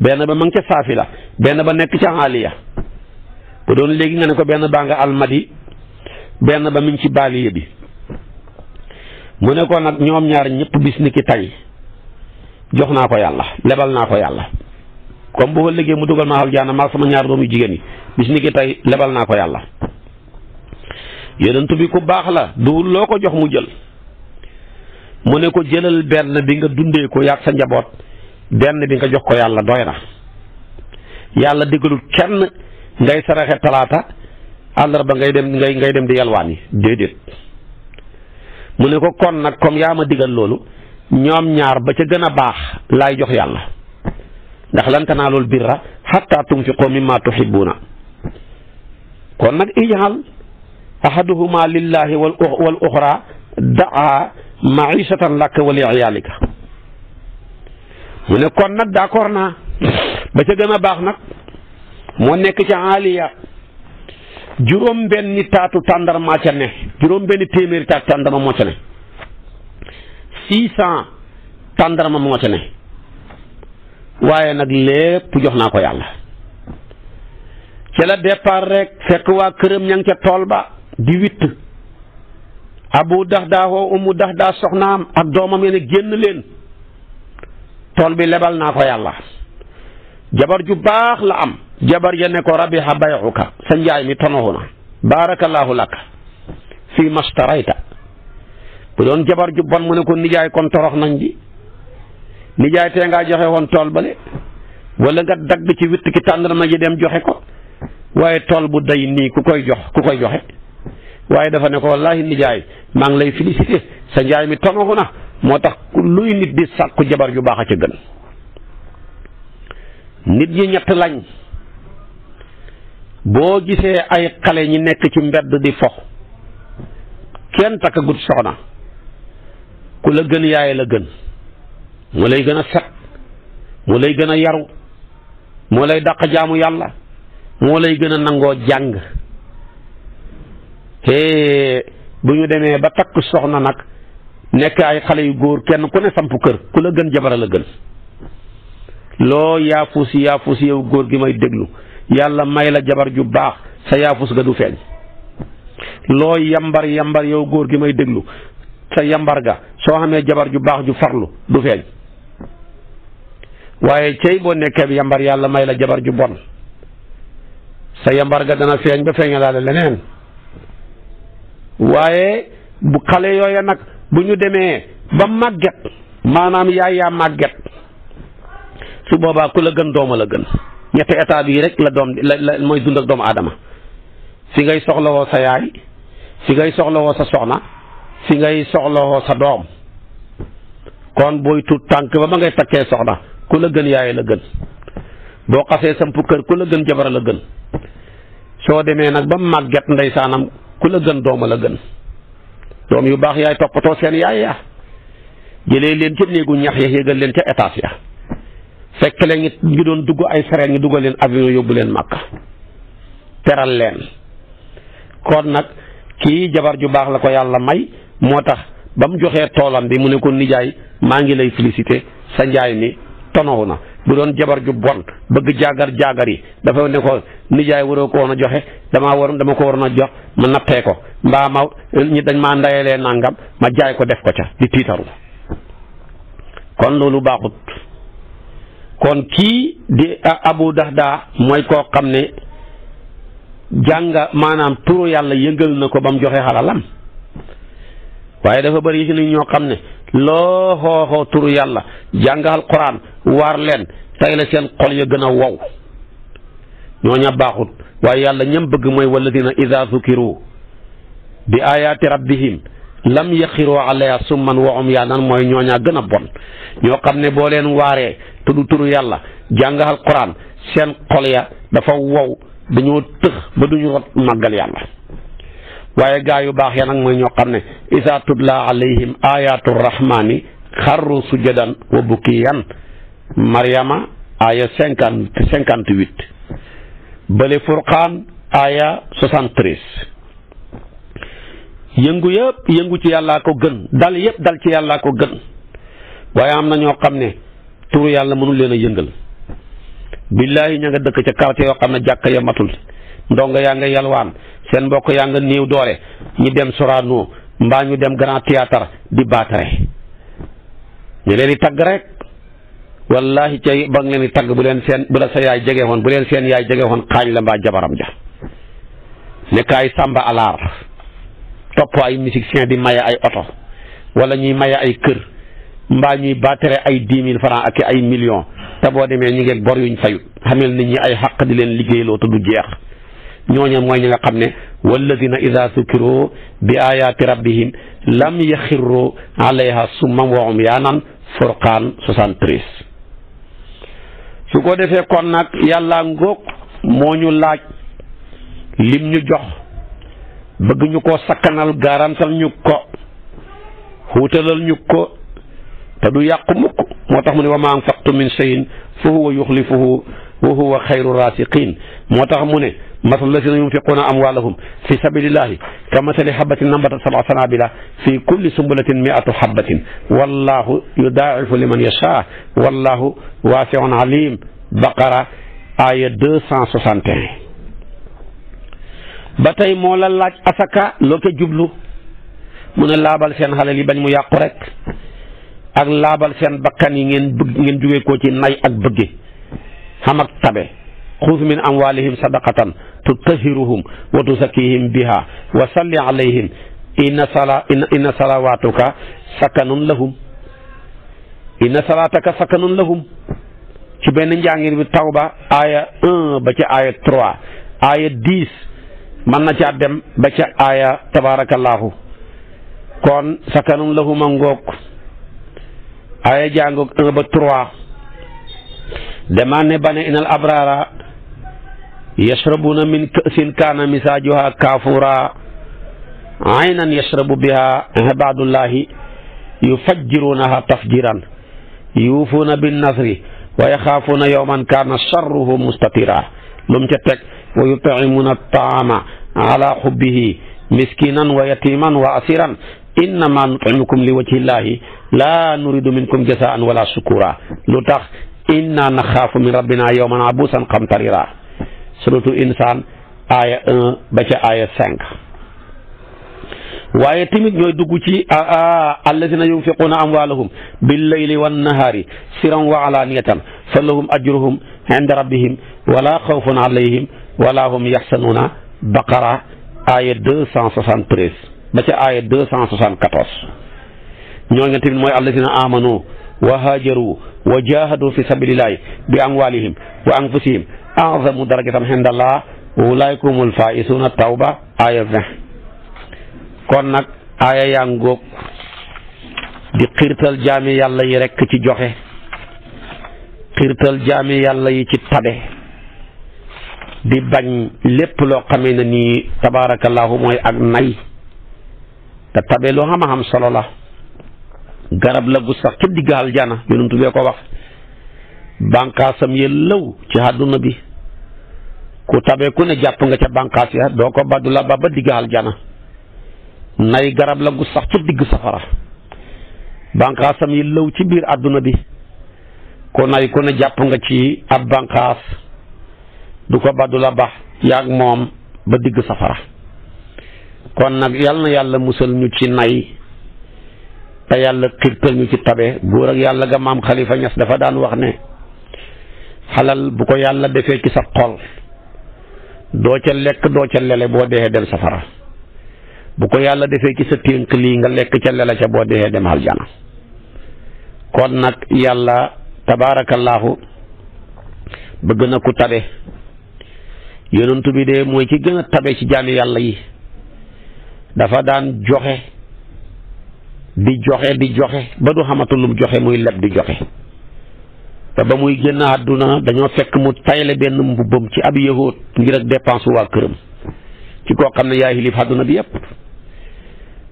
benn ba ma ngi ca saafi la benn ba nekk ca aliya bu doon léegi nga ne ko benn baa nga almadi benn ba muñ ci baaliya bi mu ne ko nag ñoom ñaar ñëpp bis ni ki tey jox naa ko yàlla lebal naa ko yàlla comme bu ko liggéey mu dugal ma aljaana maag sama ñaar doom yu jigéen yi bis ni ki tey lebal naa ko yàlla yonent bi ku baax la du loo ko jox mu jël mu ne ko jëlal benn bi nga dundee ko yàgg sa njaboot benn bi nga jox ko yàlla doy na yàlla digalul kenn ngay saraxe talaata àllarba ngay dem ngay ngay dem di yalwaan yi déedéet mu ne ko kon nag comme yaa ma digal loolu ñoom ñaar ba ca gën a baax laay jox yàlla ndax lan tanaalul birra xatta tunfiqu mimma tuhibbuuna kon nag ijal ahaduhuma lillahi wal wal uxra daa maishatan laka wa li iyaalika mu ne kon nag d'accord naa ba ca gën a baax nag moo nekk ca aaliya juróom benni taatu tàndarma ca ne juróom benni téeméeri taatu tàndarma moo ca ne six cent tàndarma moo ca ne waaye nag lépp jox naa ko yàlla ca la départ rek fekk waa këram ña ngi ca tool ba di witt abu dax daa woo umu dax ak doomam yene génn leen tool bi lebal naa ko yàlla jabar ju baax la am jabar ya ne ko rabiha bayuka sa njaay mi tonoxu na baarakallaahu laka fii mastarayta bu doon jabar ju bon mu ne ko nijaay kon torox nañ ji nijaay tee ngaa joxe woon tool bale wala nga dagg ci witt ki tàndarma ji dem joxe ko waaye tool bu day nii ku koy jox ku koy joxe waaye dafa ne ko wallaahi nijaay maa ngi lay félicité sa njaay mi tonoxu na moo tax luy nit di sàkku jabar ju baax a ca gën nit ñi ñett lañ boo gisee ay xale ñi nekk ci mbedd di fox kenn takk gut soxna ku la gën yaay la gën moo lay gën a set moo lay gën a yaru moo lay dàq jaamu yàlla moo lay gën a nangoo jàng bu ñu demee ba takk soxna nag nekk ay xale yu góor kenn ku ne samp kër ku la gën jabara la gën loo yaafuus yaafuus yow góor gi may déglu yàlla may la jabar ju baax sa yaafus ga du feeñ loo yambar yambar yow góor gi may déglu sa yambar ga soo xamee jabar ju baax ju farlu du feeñ waaye cey boo nekkee bi yambar yàlla may la jabar ju bon sa yambar ga dana feeñ ba feeñalaale leneen waaye bu xale yooya nag bu ñu demee ba màgget maanaam yaay yaa màgget su boobaa ku la gën dooma la gën ñetti état bii rek la doom la la mooy dund doomu aadama si ngay soxlawoo sa yaay fi ngay soxlawoo sa soxna si ngay soxlawoo sa doom kon booy tu tànk ba ba ngay takkee soxna ku la gën yaay la gën boo xasee samp kër ku la gën jabar la gën soo demee nag ba mu màgget ndeysaanam ku la gën doomal a gën doom yu baax yaay toppatoo seen yaay ya jëlee leen ca néegu ñax ya yégal leen ca étage ya fekk leen ngi doon dugg ay sareen ngi dugal leen avion yóbbu leen màkk teral leen kon nag kii jabar ju baax la ko yàlla may moo tax ba mu joxee toolam bi mu ne ko nijaay maa ngi lay félicité sa njaay mi tonow na bu doon jabar ju bon bëgg jaagar jaagar yi dafa ne ko nijaay waroo ko woon a joxe dama war dama ko waroon a jox ma nattee ko mbaa ma ñi dañ maa ndayalee nangam ma jaay ko def ko ca di tiitaru kon loolu baaxut kon kii di abu daa mooy koo xam ne jànga maanaam turu yàlla yëngal na ko ba mu joxee xalalam waaye dafa bëri si nit ñoo xam ne loo xooxoo turu yàlla jàngal quraan waar leen tey la seen xol ya gën a wow ñooña baaxut waaye yàlla ñam bëgg mooy walladina ida zukiru bi ayaati rabbihim lam yaxiru alayha summan wa umyaanan mooy ñooñaa gën a bon ñoo xam ne boo leen waaree tudd turu yàlla jàngal quraan seen xol ya dafa wow dañoo tëx ba duñu rot màggal yàlla waaye gaa yu baax ya nag mooy ñoo xam ne isa tutla alayhim ayatu rahmani xarru sujadan wa bukiyan mariama aya cinquante cinquante huit bële furqaan aya yëngu yëpp yëngu ci yàllaa ko gën dal yëpp dal ci yàllaa ko gën waaye am na ñoo xam ne turu yàlla mënul leen a yëngal billaahi ña nga dëkk ca quartier yoo xam ne jàkka ya matul ndongo yaa nga yalwaan seen mbokk yaa nga néew doole ñi dem Sorano mbaa ñu dem Grand Théâtre di baatare ñu leen di tagg rek wallahi cay ba nga leen di tagg bu leen seen bu la sa yaay jege woon bu leen seen yaay jege woon xaañ la mbaa jabaram ja nekk ay sàmba alaar topp ay musicien di maye ay oto walla ñuy maye ay kër mbaa ñuy baatare ay dix mille francs ak ay million te boo demee ñu ngeeg bor yuñ fayut xamel nit ñi ay xaq di leen liggéeyloo te du jeex ñooñu mooy ñi nga xam ne walladina ida sukkiru bi ayaati rabbihim lam yaxirru alayha summan wa umyaanan furqaan su ko defee kon nag yàlla ngóog moo ñu laaj lim ñu jox bëgg ñu ko sakkanal garantal ñu ko xuutalal ñu ko te du yàqu mukk moo tax mu ne wa maa anfaqtum min shay'in fa huwa yuxlifuhu wa huwa xayru raasiqiin moo tax mu ne masalu lazina yunfiquuna amwaalahum fi sabilillahi ka masali habatin nambatat sab'a sanaabila fi kulli sumbulatin mi'atu habatin wallahu yudaa'ifu liman yashaa wallahu waasi'un aliim baqara aya deux cent soixante et un ba tey moo la laaj asaka loo ko jublu mu ne laabal seen xalal yi bañ mu yàqu rek ak laabal seen bakkan yi ngeen bëgg ngeen jóge ko ci nay ak bëgge xam ak tabe xuz min amwalihim sadaqatan tutahhiruhum wa tuzakkihim biha wa salli alayhim inna sala inna salawatuka sakanun lahum inna salataka sakanun lahum ci benn njàngir bi tawba aaya un ba ca aaya trois aaya dix mën na caa dem ba ca aaya tabaarakallaahu kon sakanun lahuma ngoog aaya jàngoog un ba trois dama ne ba ne inal abrara yashrabuuna min ka'sin kaana misaajuha kaafuuraa aynan yashrabu biha ibaadullahi yufajjiruunaha tafjiran yuufuuna bin nasri wa yaxaafuuna yowman kaana sharruhu mustatira lu mu ca teg wa yutcimuuna taama ala xubbihi miskinan wa yatiman wa asiran innama nutcimukum li wajhi llahi laa nuridu minkum jasaan wala shukura lu tax inna naxaafu min rabbina yowman abuusan qamtarira suratul insaan aaya un ba ca aaya cinq waaye tamit ñooy dugg ci allazina yunfiquuna amwaalahum billayli wannahaari siran wa alaaniyatan fa lahum ajruhum inda rabbihim wala xawfun alayhim wala hum yaxsanuuna baqara aaya deux cent soixante treize ba ca aaya deux cent soixante quatorze ñoo nga tamit mooy allazina amanu wa haajaru wa jaahadu fi sabilillahi bi amwaalihim wa anfusihim azamu darajatan inda Allah ulaayka humul faaizuuna tawba aaya vingt kon nag aaya yaa di xiirtal jaami yàlla yi rekk ci joxe xiirtal jaami yàlla yi ci tabe di bañ lépp loo xamee ni nii tabaarakallaahu mooy ak nay te tabe lu xam-xam solo la garab la gu sax ci digg aljana yonent bee ko wax bànqaasam ya lëw ci àdduna bi ku tabee ku ne jàpp nga ca bànqaas ya doo ko baddu la ba ba digg aljana nay garab la gu sax ca digg safara bànqaasam yi lëw ci biir àdduna bi ku nay ku ne jàpp nga ci ab bànqaas du ko baddu la ba yaag moom ba digg safara kon nag yàlla na yàlla musal ñu ci nay te yàlla xiirtal ñu ci tabe góor ak yàlla ga maam xalifa ñas dafa daan wax ne xalal bu ko yàlla defee ci sa xol doo ca lekk doo ca lele boo dee dem safara bu ko yàlla defee ci sa ténk lii nga lekk ca lele ca boo dee dem aljana kon nag yàlla tabaarakallaahu bëgg na ku tabe yonentu bi de mooy ci gën a tabe ci jaami yàlla yi dafa daan joxe di joxe di joxe ba du xamatul joxe muy leb di joxe te ba muy génn àdduna dañoo fekk mu tayle benn mbubbam ci ab yahóot ngir ak dépense waa këram ci koo xam ne yaa xilif àdduna bi yépp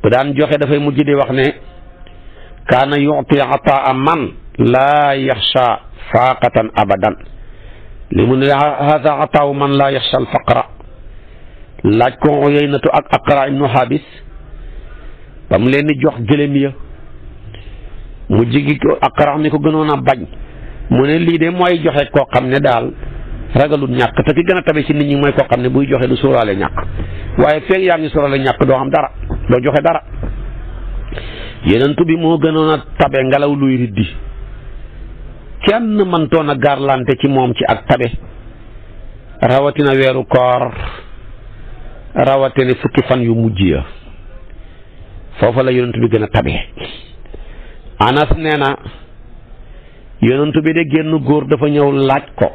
bu daan joxe dafay mujj di wax ne kaana yuti ataa man laa yaxsha faaqatan abadan li mu ne hada ataawu man laa yaxsha alfaqra laaj ko yeynatu ak aqra ibnu xaabis ba mu leen di jox gëlëm ya mu jigi ko aqra mi ko gënoon bañ mu ne lii de mooy joxe koo xam ne daal ragalul ñàkk te ki gën a tabe ci nit ñi mooy koo xam ne buy joxe du sóoraale ñàkk waaye feeg yaa ngi sóoraale ñàkk doo am dara doo joxe dara yeneen bi moo gënoon a tabe ngelaw luy riddi kenn mantoon a garlante ci moom ci ak tabe rawatina weeru koor rawatina fukki fan yu mujj ya foofa la yonent bi gën a tabe anas nee yonent bi de génn góor dafa ñëw laaj ko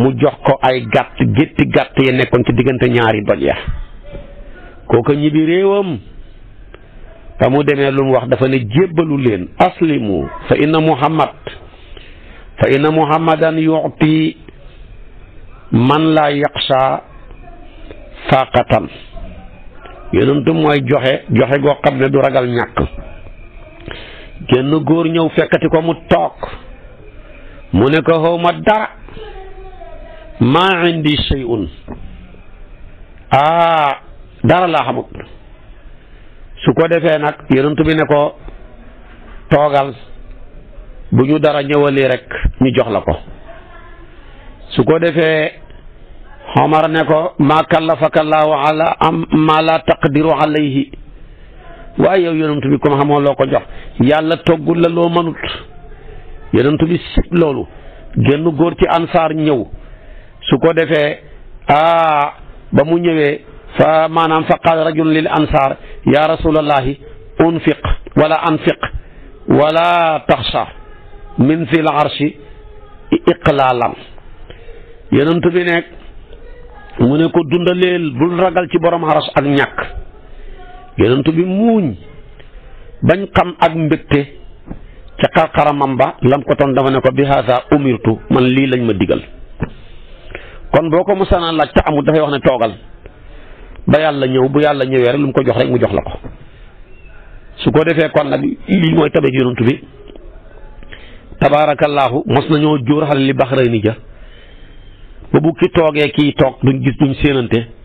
mu jox ko ay gàtt gétti gàtt ya nekkoon ci diggante ñaari doj ya kooka ñibbi réewam ba mu demee lu mu wax dafa ne jébbalu leen aslimu fa inna muhammad fa inna muhammadan yu'ti man laa yaqsa faqatan yonentu mooy joxe joxe goo xam ne du ragal ñàkk genn góor ñëw fekkati ko mu toog mu ne ko xaw ma dara maa indi shay'un aa dara laa su ko defee nag yonent bi ne ko toogal bu ñu dara ñëwalee rek ñu jox la ko su ko defee Omar ne ko maa kallafaka llaahu ala am maa laa taqdiru alayhi waaye yow yonantu bi comme loo ko jox yàlla toggul la loo mënut yonantu bi loolu génn góor ci ansaar ñëw su ko defee aa ba mu ñëwee fa maanaam fa qaal rajul lil ansaar yaa rasulallahi unfiq wala anfiq wala taxsha min fi l arshi iqlaalan yonantu bi nekk mu ne ko dundaleel bul ragal ci borom aras ak ñàkk yonent bi muuñ bañ xam ak mbégte ca xarxaramam ba lam ko toon dafa ne ko bi haasa umirtu man lii lañ ma digal kon boo ko musanaan laaj ca amul dafay wax ne toogal ba yàlla ñëw bu yàlla ñëwee rek lu mu ko jox rek mu jox la ko su ko defee kon nag lii mooy tabeeg yonent bi tabaarakallaahu mos nañoo jóor xale li baxrayni ja ba bu ki toogee kii toog duñ gis duñ séenante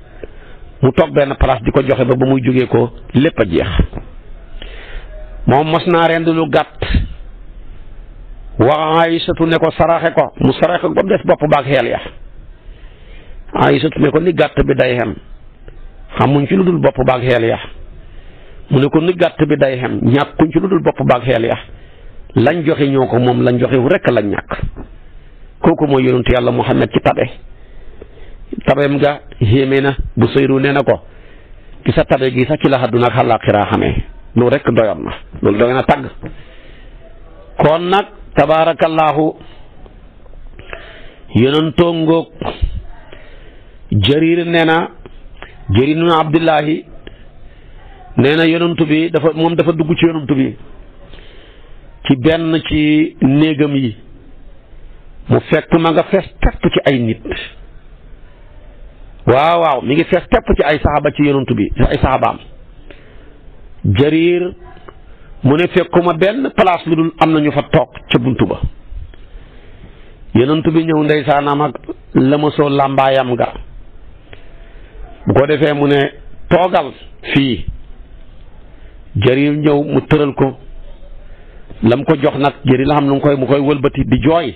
mu toog benn palaas di ko joxe ba ba muy jógee ko lépp a jeex moom mos naa rend lu gàtt wax Aysatu ne ko saraxe ko mu saraxe ko des bopp baag xel ya Aysatu ne ko ni gàtt bi day xem xamuñ ci lu dul bopp baag xel ya mu ne ko ni gàtt bi day xem ñàkkuñ ci lu dul bopp baag xel ya lañ joxe ñoo ko moom lañ joxe wu rekk lañ ñàkk kooku mooy te yàlla Muhammad ci tabe tabeem ga xéeme na bu seyru nee na ko ki sa tabe gi sax ci la àdduna ak àllaaxira xamee loolu rek doyoon na loolu doyoon na tàgg kon nag tabaarakallaahu yonentoo ngoog jarir nee na jarir nu abdullahi nee na yonentu bi dafa moom dafa dugg ci yonentu bi ci benn ci néegam yi mu fekk ma nga fees ci ay nit waaw waaw mi ngi fees tepp ci ay saxaba ci yonent bi ci ay saxabaam Jarir mu ne fekkuma benn place lu dul am na ñu fa toog ca buntu ba yonent bi ñëw ndeysaanam ak la ma soo làmbaayam nga bu ko defee mu ne toogal fii Jarir ñëw mu tëral ko lam ko jox nag Jarir la xam nu mu koy mu koy wëlbati di jooy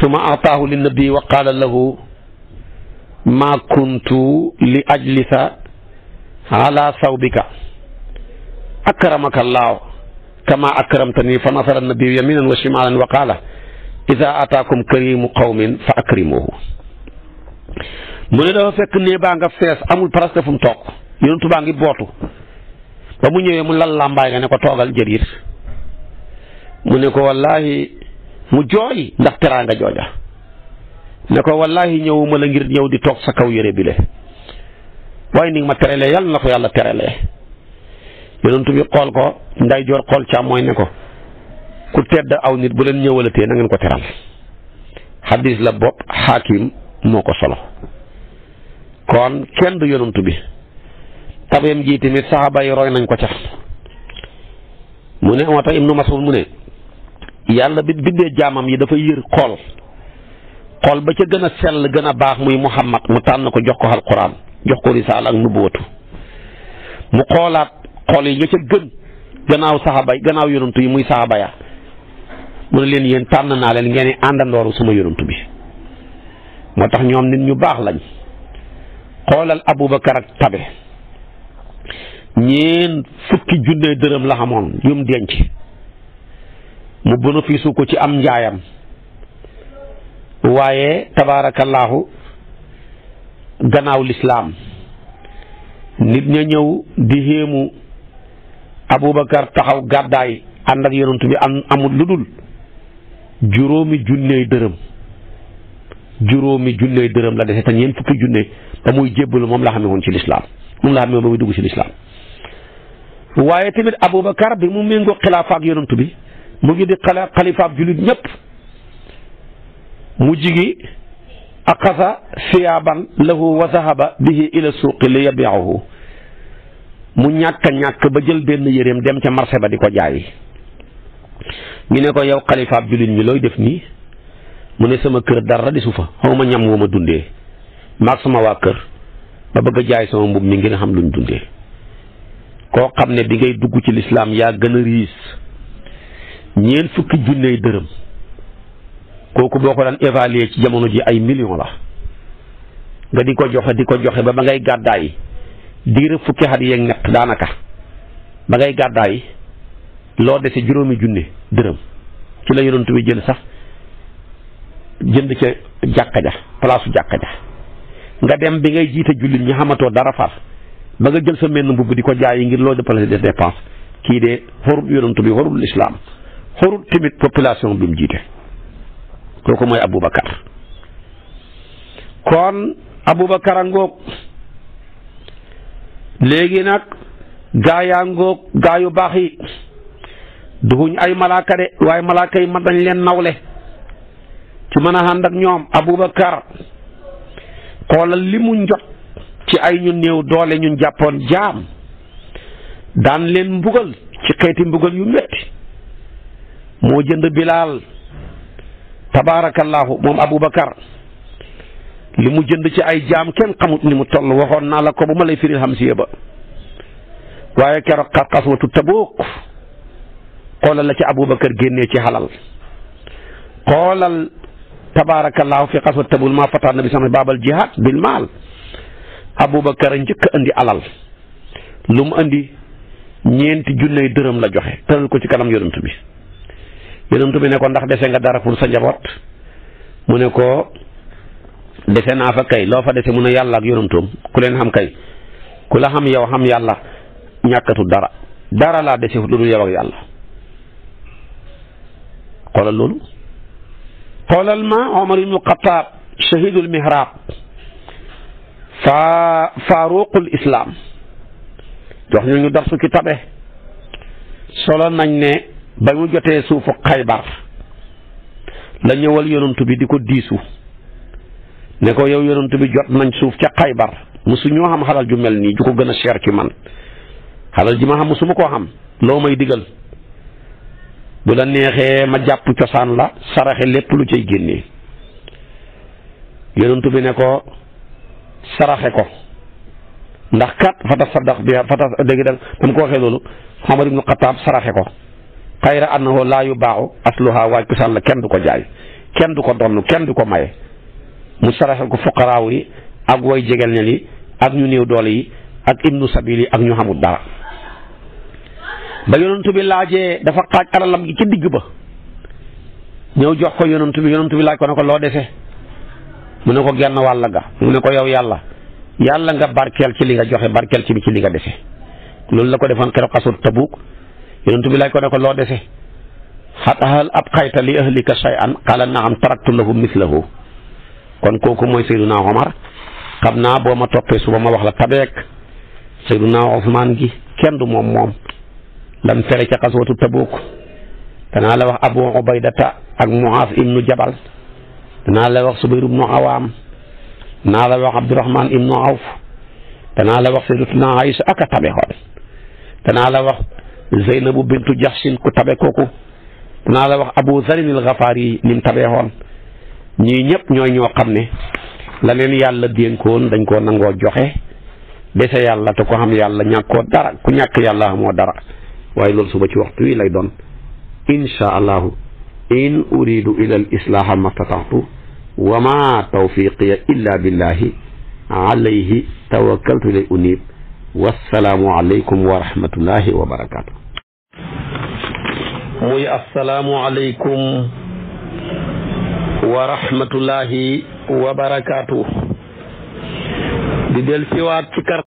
suma ataahu li nabi wa qaala lahu maa kuntu li ajlisa ala sawbika akramaka allahu kama akramtani fa nasara nabiyu yaminan wa shimalan wa qaala ataakum karimu qawmin fa akrimuhu mu ne dafa fekk nee baa nga fees amul presque fu mu toog yonentu baa ngi bootu ba mu ñëwee mu lal làmbaay nga ne ko toogal jëriir mu ne ko wallaahi mu jooy ndax teraanga jooja ne ko wallaahi ñëwuma la ngir ñëw di toog sa kaw yére bile waaye ni ma terelee yàlla na ko yàlla terelee yonent bi xool ko nday joor xool càmmooy ne ko ku tedd aw nit bu leen ñëwalatee na ngeen ko teral xadis la bopp xaakim moo ko solo kon kenn du yonent bi tabeem ji tamit saxaaba yi roy nañ ko ca mu ne moo tax Ibnu Mas'ud mu ne yàlla bi biddee jaamam yi dafa yër xool xool ba ca gën a sell gën a baax muy muhammad mu tànn ko jox ko alquran jox ko risaal ak nubuwatu mu xoolaat xool yi ña ca gën gannaaw saxaba ganaaw yonantu yi muy saxaba ya mu ne leen yéen tànn naa leen ngeen àndandooru suma yonantu bi moo tax ñoom nit ñu baax lañ xoolal abubakar ak tabe ñeen fukki junne dërëm la xamoon yum denc mu bénéfice ko ci am njaayam waaye tabaarakallaahu gannaaw lislaam nit ña ñëw di xéemu Aboubacar taxaw gàddaay ànd ak yonent bi am amul lu dul juróomi junney dërëm juróomi junney dërëm la dese te ñeent fukki junne ba muy moom la xamee woon ci lislaam moom la xamee woon ba muy dugg ci lislaam waaye tamit Aboubacar bi mu méngoo xilaafa ak yonent bi mu ngi di xalifaab jullit ñëpp. mu jigi aqasa siyaaban lahu wa zahaba bihi ila suuqi li yabiahu mu ñàkk ñàkk ba jël benn yéreem dem ca marché ba di ko jaayi ñu ne ko yow xalifaab jullit ñi looy def nii mu ne sama kër dara di su fa xaw ma ñam woo ma dundee maag sama waa kër ba bëgg jaay sama mbubb mi ngir xam luñ dundee koo xam ne di ngay dugg ci lislaam yaa gën a riis ñeent fukki junney dërëm kooku boo ko daan évaluer ci jamono ji ay million la nga di ko joxe di ko joxe ba ba ngay gàddaay diir fukki at yeeg ñett daanaka ba ngay gàddaay loo dese juróomi junne dërëm ci la yonent bi jël sax jënd ca jàkka ja palaasu jàkka ja nga dem bi ngay jiite jullit ñi xamatoo dara far ba nga jël sa menn mbubb di ko jaay ngir loo déplacé des dépenses kii de xorut yonent bi xorul islaam xorut tamit population bi mu jiite kooku mooy Aboubacar kon Aboubacar a ngóog léegi nag gaa yaa ngóog gaa yu baax yi duguñ ay malaaka de waaye malaaka yi man dañ leen nawle ci mën a ànd ñoom Aboubacar xoolal limu mu njot ci ay ñu néew doole ñu jàppoon jaam daan leen mbugal ci xeeti mbugal yu metti moo jënd bilaal tabaarakallaahu moom Aboubacar li mu jënd ci ay jaam kenn xamut ni mu toll waxoon naa la ko bu ma lay firil hamsiya ba waaye keroog xaswatu Tabuuk xoolal la ci Aboubacar génnee ci xalal xoolal tabaarakallaahu fi xaswatu Tabuuk maa fataa nabi sama baabal jihaad bil maal Aboubacar a njëkk a andi alal lu mu andi ñeenti junney dërëm la joxe tëral ko ci kanam yonent bi. yonent bi ne ko ndax dese nga dara pour sa njaboot mu ne ko dese naa fa kay loo fa dese mu ne yàllaak ak ku leen xam kay ku la xam yow xam yàlla ñàkkatu dara dara laa dese lu dul yow ak yàlla xoolal loolu xoolal ma Omar ibnu Xataab shahidul mihraab fa faaruqul islaam jox ñu ñu darsu ci solo nañ ne ba mu jotee suufu xaybar la ñëwal yonantu bi di ko diisu ne ko yow yonantu bi jot nañ suuf ca xaybar musu ñoo xam xalal ju mel nii ju ko gën a cher ci man xalal ji ma xam ma koo xam loo may diggal bu la neexee ma jàpp cosaan la saraxe lépp lu cay génnee yonantu bi ne ko saraxe ko ndax kat fata saddax bi fata dégg dam dama ko waxee loolu Omar saraxe ko xayra annahu laa yu baaxu asluha waaj ko sànla kenn du ko jaay kenn du ko donn kenn du ko maye mu saraxel ko fuqaraaw yi ak woy jegel ne li ak ñu néew doole yi ak ibnu sabil yi ak ñu xamul dara ba yonentu bi laajee dafa xaaj alalam gi ci digg ba ñëw jox ko yonentu bi yonentu bi laaj ko ne ko loo dese mu ne ko genn wàll ga mu ne ko yow yàlla yàlla nga barkeel ci li nga joxe barkeel ci bi ci li nga dese loolu la ko defoon keroog xasut Tabuk yonent bi laaj ko ne ko loo defee xataxal ab xayta li ahlika shay'an qala naam taraktu lahu mislahu kon kooku mooy Seyduna Omar xam boo ma toppee suba ma wax la tabeek Seyduna Usmaan gi kenn moom moom lam fere ca danaa la wax Abu Ubaydata ak Muaaz ibnu Jabal danaa la wax Subayr ibnu Awaam danaa la wax Abdurahmaan ibnu Awf danaa la wax Sayyidatuna Aïcha ak a tabe xool danaa la wax Zeynabu bintu Jaxsin ku tabe kooku naa la wax Abu Zarin al-Ghafari yi ni mu tabee xoon ñii ñëpp ñooy ñoo xam ne la leen yàlla dénkoon dañ koo nangoo joxe dese yàlla te ko xam yàlla ñàkkoo dara ku ñàkk yàlla amoo dara waaye loolu suba ci waxtu wi lay doon insha allahu in uridu ila al islaaha mastata'tu wa ma tawfiqiya illa billahi alayhi tawakkaltu ilay unib wassalaamu alaykum wa rahmatullahi wa barakatuh muy asalaamualeykum wa rahmatullahi wa barakaatu. di del siwaat ci kar